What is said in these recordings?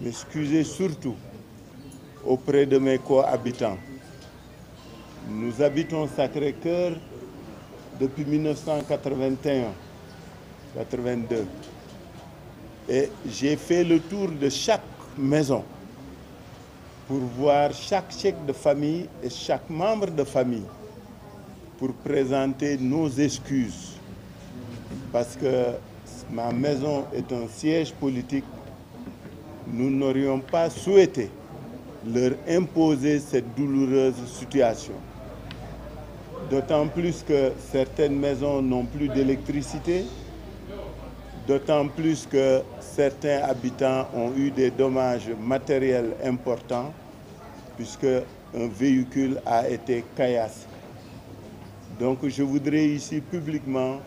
m'excuser surtout auprès de mes cohabitants. Nous habitons Sacré-Cœur depuis 1981-82. Et j'ai fait le tour de chaque maison pour voir chaque chèque de famille et chaque membre de famille pour présenter nos excuses. Parce que ma maison est un siège politique nous n'aurions pas souhaité leur imposer cette douloureuse situation. D'autant plus que certaines maisons n'ont plus d'électricité, d'autant plus que certains habitants ont eu des dommages matériels importants puisque un véhicule a été caillassé. Donc je voudrais ici publiquement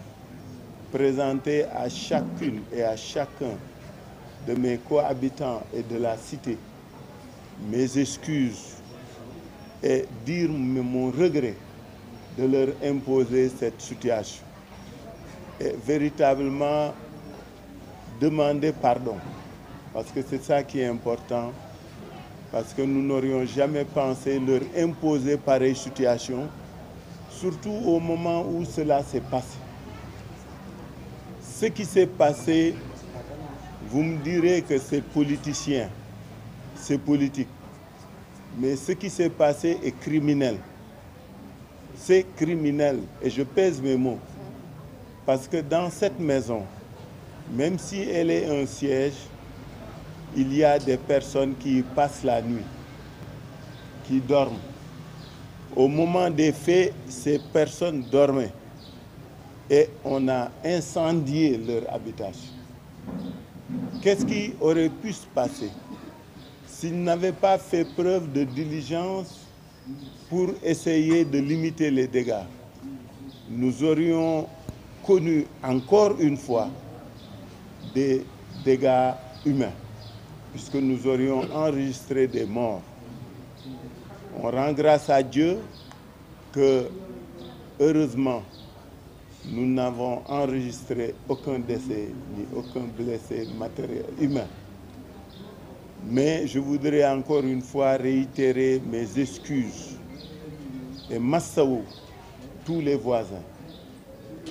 présenter à chacune et à chacun de mes cohabitants et de la cité mes excuses et dire mon regret de leur imposer cette situation et véritablement demander pardon parce que c'est ça qui est important parce que nous n'aurions jamais pensé leur imposer pareille situation surtout au moment où cela s'est passé ce qui s'est passé vous me direz que c'est politicien, c'est politique. Mais ce qui s'est passé est criminel. C'est criminel. Et je pèse mes mots. Parce que dans cette maison, même si elle est un siège, il y a des personnes qui passent la nuit, qui dorment. Au moment des faits, ces personnes dormaient et on a incendié leur habitation. Qu'est-ce qui aurait pu se passer s'il n'avait pas fait preuve de diligence pour essayer de limiter les dégâts Nous aurions connu encore une fois des dégâts humains, puisque nous aurions enregistré des morts. On rend grâce à Dieu que, heureusement, nous n'avons enregistré aucun décès ni aucun blessé matériel humain. Mais je voudrais encore une fois réitérer mes excuses et Massaou, tous les voisins,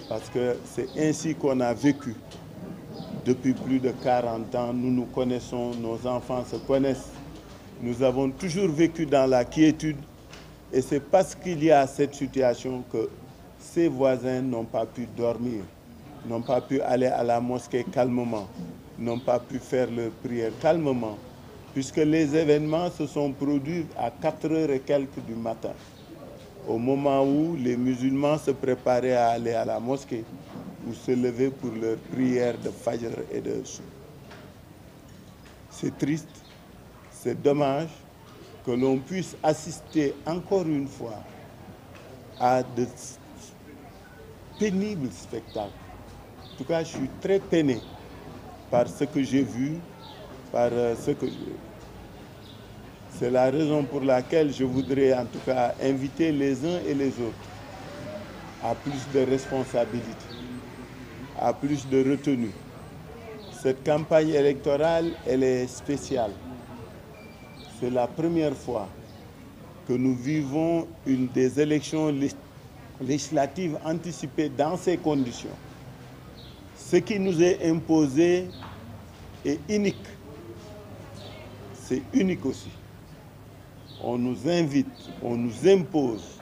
parce que c'est ainsi qu'on a vécu. Depuis plus de 40 ans, nous nous connaissons, nos enfants se connaissent. Nous avons toujours vécu dans la quiétude et c'est parce qu'il y a cette situation que ses voisins n'ont pas pu dormir, n'ont pas pu aller à la mosquée calmement, n'ont pas pu faire leur prière calmement, puisque les événements se sont produits à 4 heures et quelques du matin, au moment où les musulmans se préparaient à aller à la mosquée ou se lever pour leur prière de Fajr et de Souk. C'est triste, c'est dommage que l'on puisse assister encore une fois à de pénible spectacle. En tout cas, je suis très peiné par ce que j'ai vu, par euh, ce que C'est la raison pour laquelle je voudrais en tout cas inviter les uns et les autres à plus de responsabilité, à plus de retenue. Cette campagne électorale, elle est spéciale. C'est la première fois que nous vivons une des élections législative anticipée dans ces conditions, ce qui nous est imposé est unique. C'est unique aussi. On nous invite, on nous impose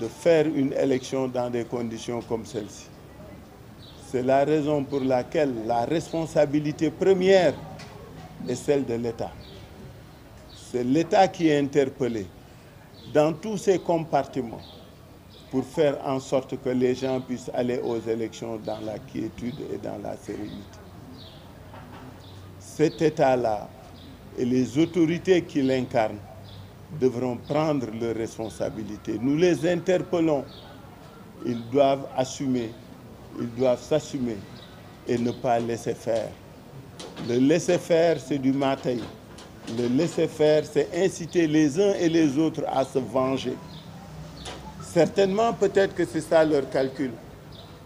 de faire une élection dans des conditions comme celle-ci. C'est la raison pour laquelle la responsabilité première est celle de l'État. C'est l'État qui est interpellé dans tous ses compartiments pour faire en sorte que les gens puissent aller aux élections dans la quiétude et dans la sérénité. Cet État-là et les autorités qui l'incarnent devront prendre leurs responsabilités. Nous les interpellons. Ils doivent assumer, ils doivent s'assumer et ne pas laisser faire. Le laisser faire, c'est du matin. Le laisser faire, c'est inciter les uns et les autres à se venger. Certainement, peut-être que c'est ça leur calcul.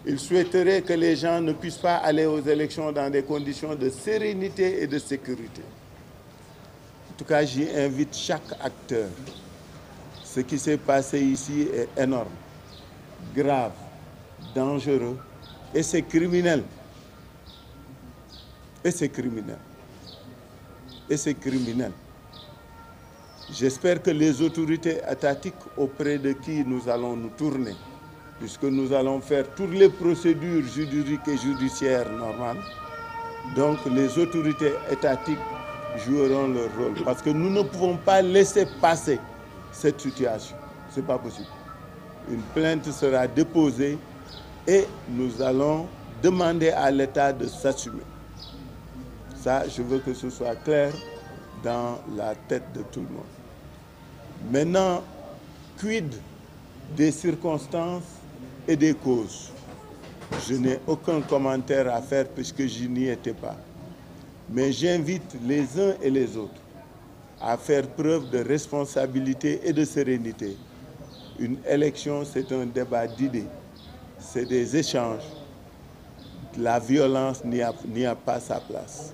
Ils souhaiteraient que les gens ne puissent pas aller aux élections dans des conditions de sérénité et de sécurité. En tout cas, j'y invite chaque acteur. Ce qui s'est passé ici est énorme, grave, dangereux et c'est criminel. Et c'est criminel. Et c'est criminel. J'espère que les autorités étatiques auprès de qui nous allons nous tourner, puisque nous allons faire toutes les procédures juridiques et judiciaires normales, donc les autorités étatiques joueront leur rôle. Parce que nous ne pouvons pas laisser passer cette situation. Ce n'est pas possible. Une plainte sera déposée et nous allons demander à l'État de s'assumer. Ça, je veux que ce soit clair dans la tête de tout le monde. Maintenant, quid des circonstances et des causes Je n'ai aucun commentaire à faire puisque je n'y étais pas. Mais j'invite les uns et les autres à faire preuve de responsabilité et de sérénité. Une élection, c'est un débat d'idées, c'est des échanges. La violence n'y a, a pas sa place.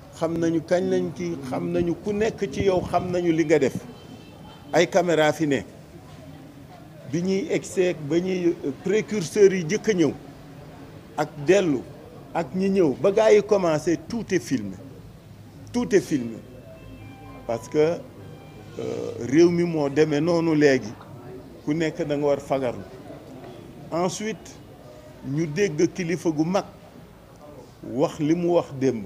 xamnañu nañu kañ lañ ci xamnañu ku nekk ci yow xamnañu li nga def ay caméra fi ne bi ñuy egseeg ba ñuy précurseurs yi jëkk a ñëw ak dellu ak ñi ñëw ba gaa yi commencé tout est filmé tout est filmé parce que euh, réew mi moo demee noonu léegi ku nekk da nga war fagarlu ensuite ñu dégg kilifa gu mag wax li mu wax démb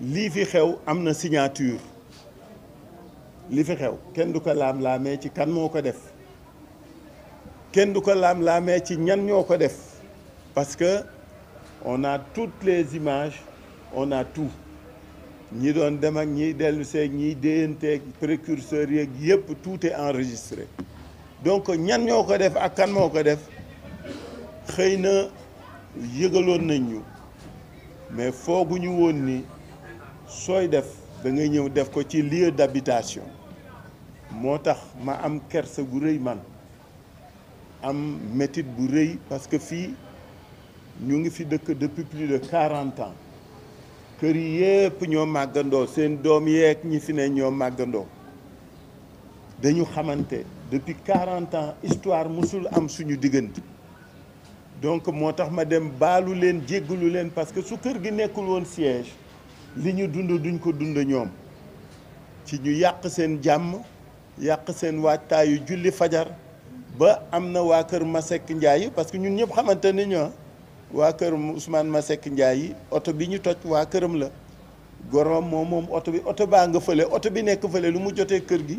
li fi xew amna signature li fi xew ken du lam la laamee ci kan moko def ken du lam ci ñan ñoko def parce que on a toutes les images on a tout ñi doon dem ak ñiy dellu seeg ñi déyanteeg précurseurs yépp tout est enregistré donc ñan ñoko akam def ak kan moko ko def xëy na nañ ñu mais ni soy def da ngay ñëw def ko ci lieu d'habitation moo tax ma am kersa gu rëy man am métit bu rëy parce que fii ñu ngi fi dëkk depuis plus de quarante ans kër yi yépp ñoo màggandoo seen doom yeeg ñi fi ne ñoo màggandoo dañu xamante depuis quarante ans histoire musul am suñu diggante donc moo tax ma dem baalu leen jéggalu leen parce que su kër gi nekkul woon siège li ñu dund duñ ko dund ñoom ci ñu yàq seen jàmm yàq seen waajtaayu julli fajar ba am na waa kër Masek Ndiaye parce que ñun ñëpp xamante ne ah, waa kër Ousmane Masek Ndiaye oto bi ñu toj waa këram la gorom moom moom oto bi oto baa nga fële oto bi nekk fële lu mu jotee kër gi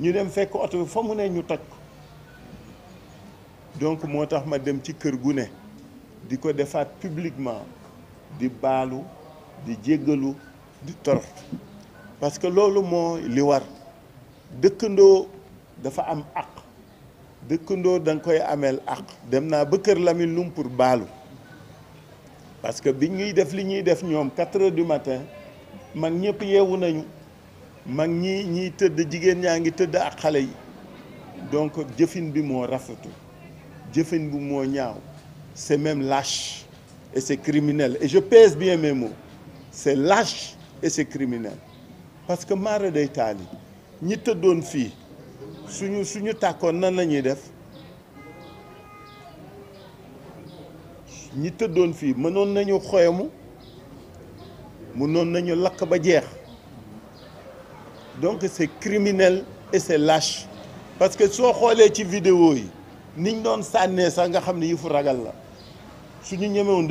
ñu dem fekk oto bi fa mu ne ñu toj ko donc moo tax ma dem ci kër gu ne di ko defaat publiquement di baalu di jéggalu di torox parce que loolu moo li war dëkkandoo dafa am àq dëkkandoo da nga koy ameel àq dem naa ba kër lamin lum pour baalu parce que bi ñuy def li ñuy def ñoom quatre heures du matin mag ñëpp yeewu nañu mag ñi ñiy tëdd jigéen ñaa ngi tëdd ak xale yi donc jëfin bi moo rafetu jëfin bi moo ñaaw c'est même lâche et c'est criminel et je pèse bien mes mots c'est lâche et c'est criminel parce que Mare d'Italie, nous yi te tëddoon fille, suñu suñu nan def ñi nañu nañu ba donc c'est criminel et c'est lâche parce que tu les ci vidéo yi niñ doon sànnee sax nga Tu ne Si la suñu ñemewoon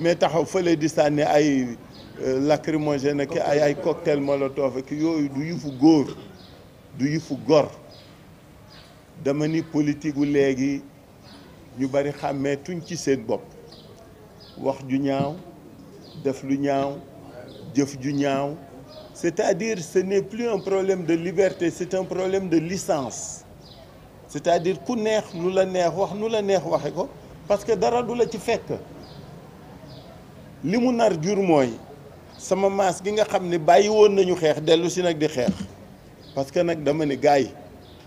mais taxaw fële di sànni ay euh, lacrymogène ki ay ay cocktail molotov ki yooyu du yëfu gor du yëfu gor dama ni politique légui ñu bari xamé tuñ ci seen bop wax ju ñaaw def lu ñaaw jëf ju ñaaw c'est-à-dire ce n'est plus un problème de liberté c'est un problème de licence c'est-à-dire ku neex lu la neex wax nu la neex waxe ko parce que dara du la ci fekk li mu nar jur mooy sama maas gi nga xam ne bàyyi woon nañu xeex dellu si nag di xeex parce que nag dama ne gars yi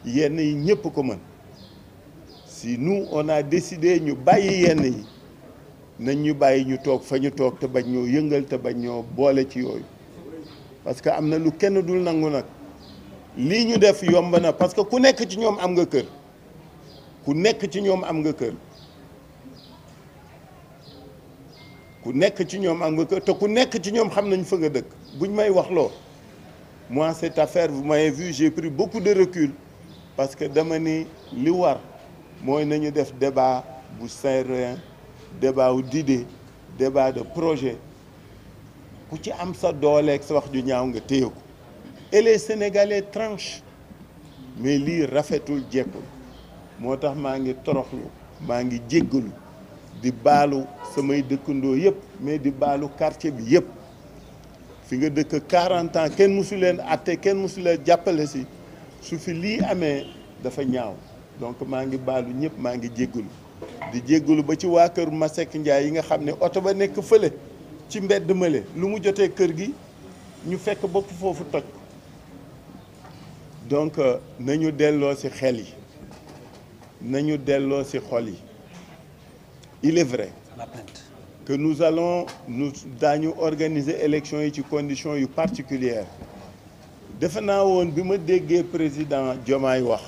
yenn yi ñëpp ko mën si nous on a ñu bàyyi yenn yi nañ ñu bàyyi ñu toog fa ñu toog te bañ ñoo yëngal te bañ ñoo boole ci yooyu parce que am na lu kenn dul nangu nag lii ñu def yomb na parce que ku nekk ci ñoom am nga kër ku nekk ci ñoom am nga kër ku nek ci ñom am nga ko te ku nek ci ñom xam nañ fa nga dëkk buñ may wax lo moi cette affaire vous m'avez vu j'ai pris beaucoup de recul parce que dama ni li war moy nañu def débat bu serein débat ou d'idée débat de projet ku ci am sa dooleeg sa wax ju ñaaw nga téye et les sénégalais tranchent mais li rafetul jekkul motax ma ngi toroxlu ma ngi jéggalu di baalu samay dëkkandoo yëpp mais di baalu quartier bi yëpp fi nga dëkk 40 ans kenn mësu leen atte kenn mësu jàppale si su fi lii amee dafa ñaaw donc maa ngi baalu ñëpp maa ngi jéggalu di jéggalu ba ci waa kër Masek Ndiaye yi nga xam ne oto ba nekk fële ci mbedd male lu mu jotee kër gi ñu fekk bopp foofu toj donc euh, nañu delloo si xel yi nañu delloo si xol yi il est vrai que nous allons nous daañu organiser élection yi ci conditions particulières defe naa woon bi président Diomaye wax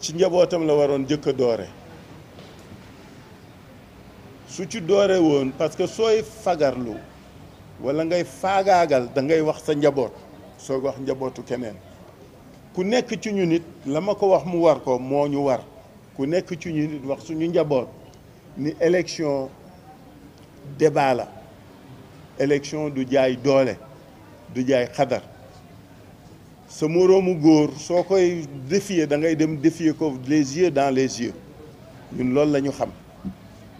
ci njabootam la waroon jëkk a doore su ci doore won parce que soy fagarlu wala ngay faagaagal da ngay wax sa njabot sooy wax njabootu kenen ku nekk ci ñu nit la ko wax mu war ko moo war ku nekk ci ñu wax suñu njaboot ni élection débat la élection du jaay doole du jaay xadar sa moroomu góor soo koy défier da ngay dem défier ko les yeux dans les yeux ñun loolu la xam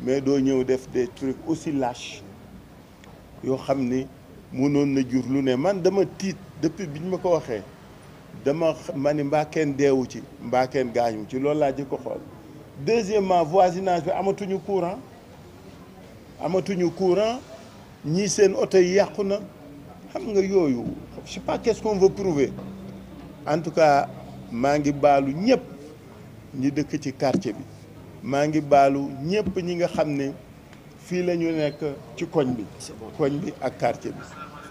mais doo ñëw def des trucs aussi lâche. yoo xam ni mënoon na jur lu ne man dama tiit depuis biñ ñu ma ko dama ma ni mbaa kenn deewu ci mbaa kenn gaañu ci loolu laa jëkk ko xool deuxièmement voisinage bi amatuñu courant amatuñu courant ñi seen oto yi yàqu na xam nga yooyu je sais pas qu'est-ce qu'on veut en tout cas maa ngi baalu ñëpp ñi dëkk ci quartier bi maa ngi baalu ñëpp ñi nga xam ne fii lañu nekk ci koñ bi koñ bi ak quartier bi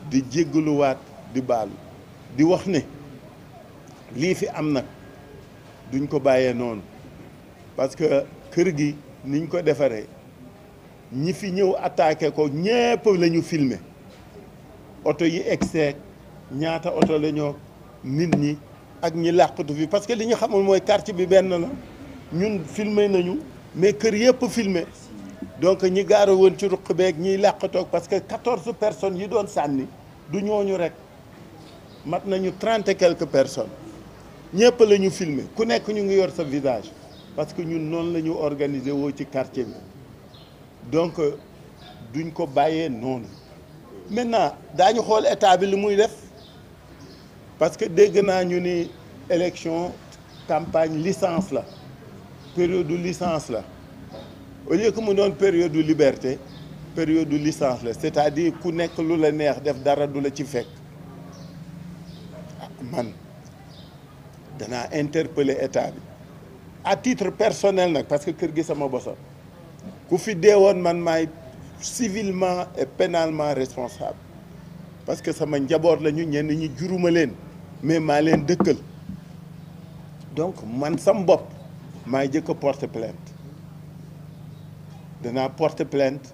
di jéggaluwaat di baalu di wax ni lii fi am nag duñ ko bàyyee noonu parce que kër gi niñ ko defaree ñi fi ñëw attaqué ko ñépp la ñu oto yi egseeg ñaata oto la ñoo nit ñi ak ñi làqatu fi parce que li ñu xamul mooy quartier bi benn la ñun filmé nañu mais kër yëpp filmé donc ñi gaara woon ci ruq beek ñiy làqatoog parce que quatorze personnes yi doon sànni du ñooñu rek mat nañu trente et personnes ñepp pas nous filmer ku nekk ñu ngi yor sa visage parce que ñun non pas nous organiser dans ci quartier donc euh, duñ ko bayé non maintenant dañu xol état bi lu muy def parce que dégg na ñu ni élection campagne licence la période de licence au lieu que mu donne période de liberté période de licence c'est-à-dire ku nekk lu la neex def dara du ah, man danaa interpeller état à titre personnel parce que kër gi sama bosa ku fi man civilement et pénalement responsable parce que sama suis la ñu ñenn ñi juruma len mais ma len dëkkal donc man sam je maay jëkk a porter plainte danaa porter plainte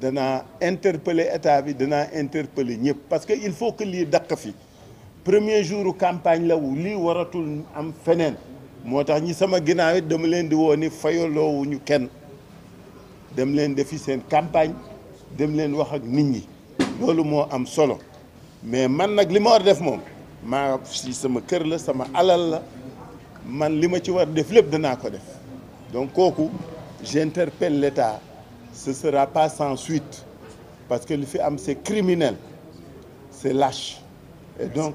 danaa interpeller état bi danaa interpeller ñëpp parce que il faut que li dakk fi premier jour campagne là wu lii waratul am feneen moo tax ñi sama ginnaaw it dama leen di woo ni fayaloowuñu kenn dem leen defi seen campagne dem leen wax ak nit ñi loolu moo am solo mais man nag li ma war def moom maa si sama kër la sama alal la man lima ma ci war def de na ko def donc kooku j'interpelle l'État ce sera pas sans suite parce que le fait am c'est criminel c'est lâche et donc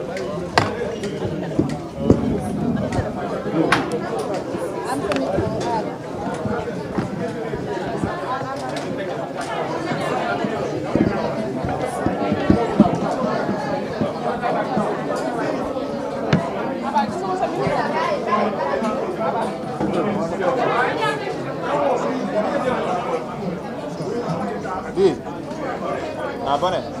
Ah, boné.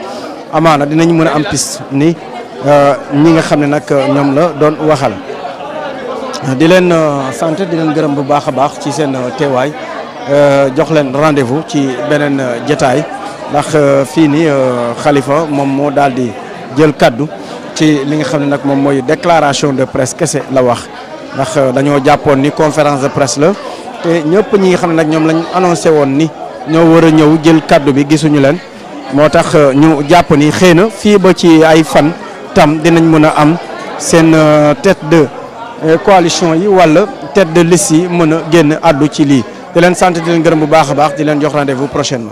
amaana dinañ mën a am piste ni euh, ñi nga xam ne nag euh, ñoom la doon waxal di leen euh, sant di leen gërëm bu baax a baax ci seen teewaay jox leen rendez-vous ci beneen jataay ndax fii ni xalifa moom moo daal di jël kàddu ci li nga xam ne nag moom mooy déclaration de presse kese la wax ndax dañoo jàppoon ni conférence de presse la te ñëpp ñi nga xam ne nag ñoom lañ annoncé woon ni ñoo war a ñëw jël kàddu bi gisuñu leen motax euh, ñu japp ni xeyna fi ba ci ay fan tam dinañ mëna am sen euh, tête de euh, coalition yi wala tête de liste mëna genn addu ci li di len sant di len gërëm bu baax baax di len jox rendez-vous prochainement.